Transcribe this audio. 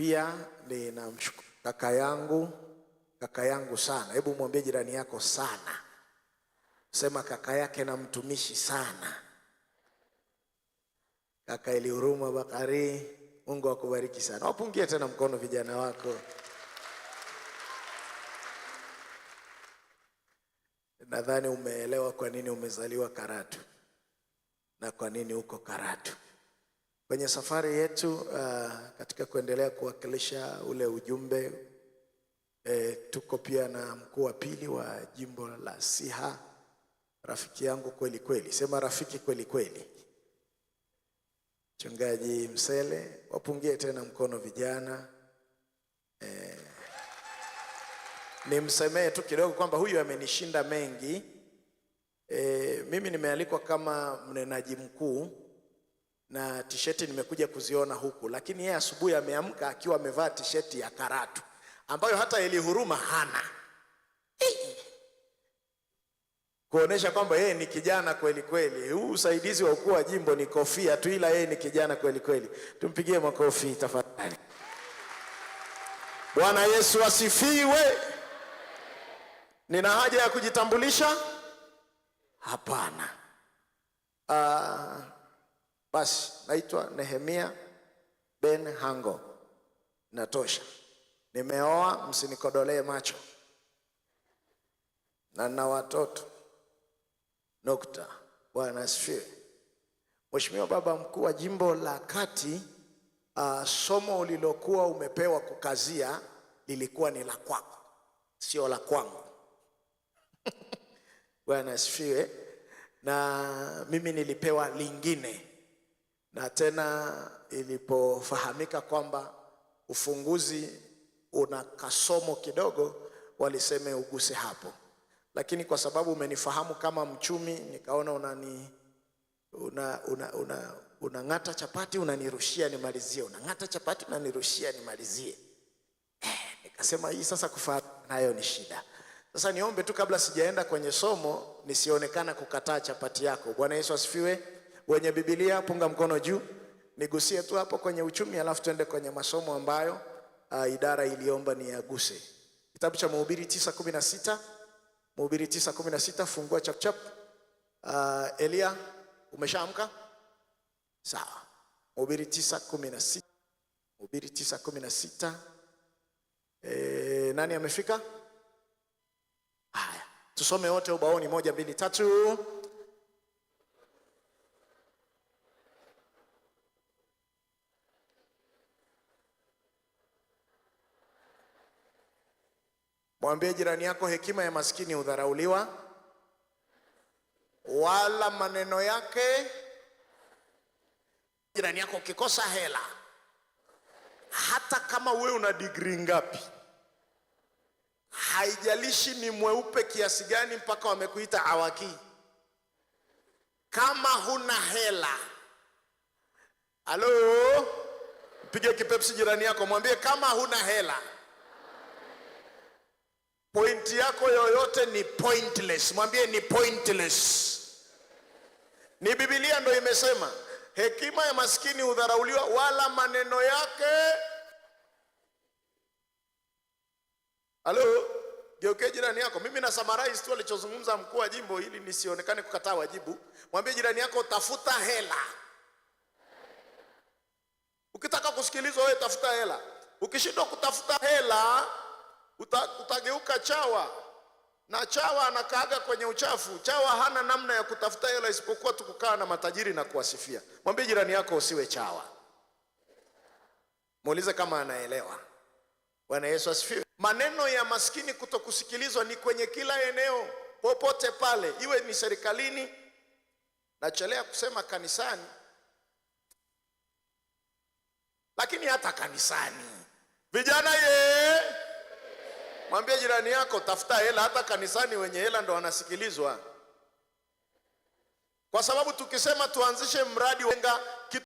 Pia ninamshukuru kaka yangu, kaka yangu sana. Hebu mwambie jirani yako sana, sema kaka yake na mtumishi sana, kaka ilihuruma Bakari. Mungu akubariki sana, wapungie tena mkono vijana wako. Nadhani umeelewa kwa nini umezaliwa Karatu na kwa nini uko Karatu. Kwenye safari yetu uh, katika kuendelea kuwakilisha ule ujumbe e, tuko pia na mkuu wa pili wa jimbo la Siha, rafiki yangu kweli kweli, sema rafiki kweli kweli, Mchungaji Msele. Wapungie tena mkono vijana e, nimsemee tu kidogo kwamba huyu amenishinda mengi e, mimi nimealikwa kama mnenaji mkuu na tisheti nimekuja kuziona huku, lakini yeye asubuhi ameamka akiwa amevaa tisheti ya Karatu ambayo hata Eli Huruma hana Kuonesha kwamba yeye ni kijana kweli kweli. Huu usaidizi wa ukuu wa jimbo ni kofia tu, ila yeye ni kijana kweli kweli. Tumpigie makofi tafadhali. Bwana Yesu asifiwe. Nina haja ya kujitambulisha? Hapana. Uh, basi naitwa Nehemia Ben Hango, natosha. Nimeoa, msinikodolee macho, na na watoto nukta. Bwana asifiwe. Mheshimiwa Baba Mkuu wa Jimbo la Kati, uh, somo ulilokuwa umepewa kukazia lilikuwa ni la kwako, sio la kwangu. Bwana asifiwe. Na mimi nilipewa lingine na tena ilipofahamika kwamba ufunguzi una kasomo kidogo, waliseme uguse hapo, lakini kwa sababu umenifahamu kama mchumi, nikaona unani una, una, una, unang'ata chapati unanirushia nimalizie, unang'ata chapati unanirushia nimalizie. Eh, nikasema hii sasa kufahamu nayo ni shida. Sasa niombe tu kabla sijaenda kwenye somo, nisionekana kukataa chapati yako. Bwana Yesu asifiwe. Wenye Biblia punga mkono juu, nigusie tu hapo kwenye uchumi, alafu tuende kwenye masomo ambayo uh, idara iliomba ni yaguse. Kitabu cha Mhubiri 9:16, Mhubiri 9:16, fungua chap chap. Uh, Elia umeshaamka? Sawa. Mhubiri 9:16. Mhubiri 9:16. Eh, nani amefika? Haya. Tusome wote ubaoni, moja, mbili, tatu. Mwambie jirani yako, hekima ya maskini hudharauliwa, wala maneno yake. Jirani yako, ukikosa hela, hata kama wewe una degree ngapi, haijalishi ni mweupe kiasi gani, mpaka wamekuita awaki, kama huna hela. Halo, mpige kipepsi jirani yako, mwambie kama huna hela Pointi yako yoyote ni pointless. Mwambie ni pointless. Ni Biblia ndo imesema hekima ya maskini hudharauliwa, wala maneno yake. Halo, geuke jirani yako. Mimi na summarize tu alichozungumza mkuu wa jimbo ili nisionekane kukataa wajibu. Mwambie jirani yako, tafuta hela. Ukitaka kusikilizwa wewe, tafuta hela. Ukishindwa kutafuta hela utageuka chawa, na chawa anakaaga kwenye uchafu. Chawa hana namna ya kutafuta hela isipokuwa tukukaa na matajiri na kuwasifia. Mwambie jirani yako usiwe chawa, muulize kama anaelewa. Bwana Yesu asifiwe. Maneno ya maskini kutokusikilizwa ni kwenye kila eneo, popote pale, iwe ni serikalini. Nachelea kusema kanisani, lakini hata kanisani vijana ye Mwambie jirani yako tafuta hela. Hata kanisani wenye hela ndo wanasikilizwa, kwa sababu tukisema tuanzishe mradi wenga kitu